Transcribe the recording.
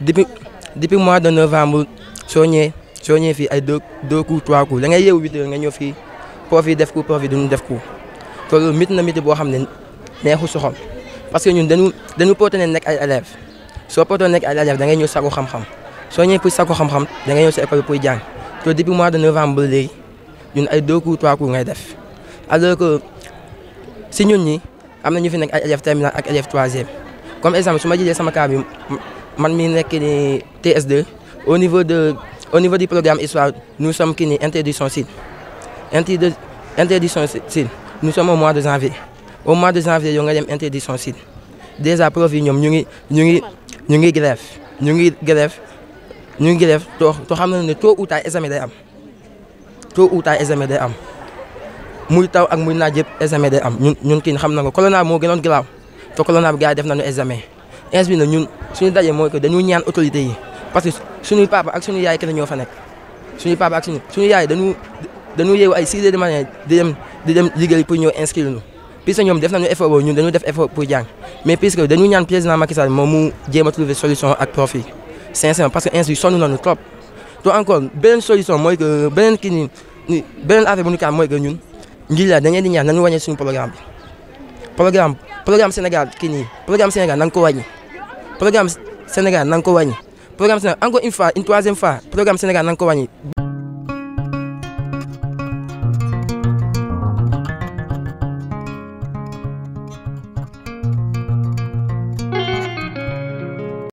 depuis depuis mois de novembre soo ñëwee soo ñëwee fii ay deux deux coups trois coups da ngay yeewu huit nga ñëw fii prof yi def coup prof yi duñu def coup te loolu mit na mit boo xam ne neexu soxam parce que ñun dañu dañu poote ne nekk ay élèves soo pootoo nekk ay élèves da ngay ñëw sakku xam-xam soo ñëwee pour sakku xam-xam da nga ñëw sa école pour jàng te depuis mois de novembre léegi ñun ay deux coups trois ngay def alors que si ñun ñi am na ñu fi nekk ay élèves terminale ak élèves troisième comme exemple su ma jëlee sama cas Je suis TS2 au niveau de au niveau du programme histoire nous sommes qui interdiction nous sommes au mois de janvier au mois de janvier nous nga interdiction site. déjà Nous une Nous grève ñu une grève grève une grève. Nous avons day am une Nous avons examen. ins bi nag ñun suñu daje mooy que dañu ñaan autorité yi parce que suñuy papa ak suñu yaay kenn ñoo fa nekk suñuy papa ak suñu suñu yaay dañu dañu yeewu ay 6 heures du matin di dem di dem liggéey pour ñëw inscrire ñu puisque ñoom def nañu effort boobu ñun dañu def effort pour jàng mais puisque dañu ñaan président Macky Sall moom mu jéem a trouver solution ak profit que ins bi sonn nañu trop te encore mooy que beneen kii ni beneen affaire bu mooy que ñun ngir la dañuy di ñaan nañu wàññi suñu programme bi programme programme Sénégal kii nii programme Sénégal nañ ko wàññi programme Sénégal na programme Sénégal encore une fois une troisième fois programme Sénégal na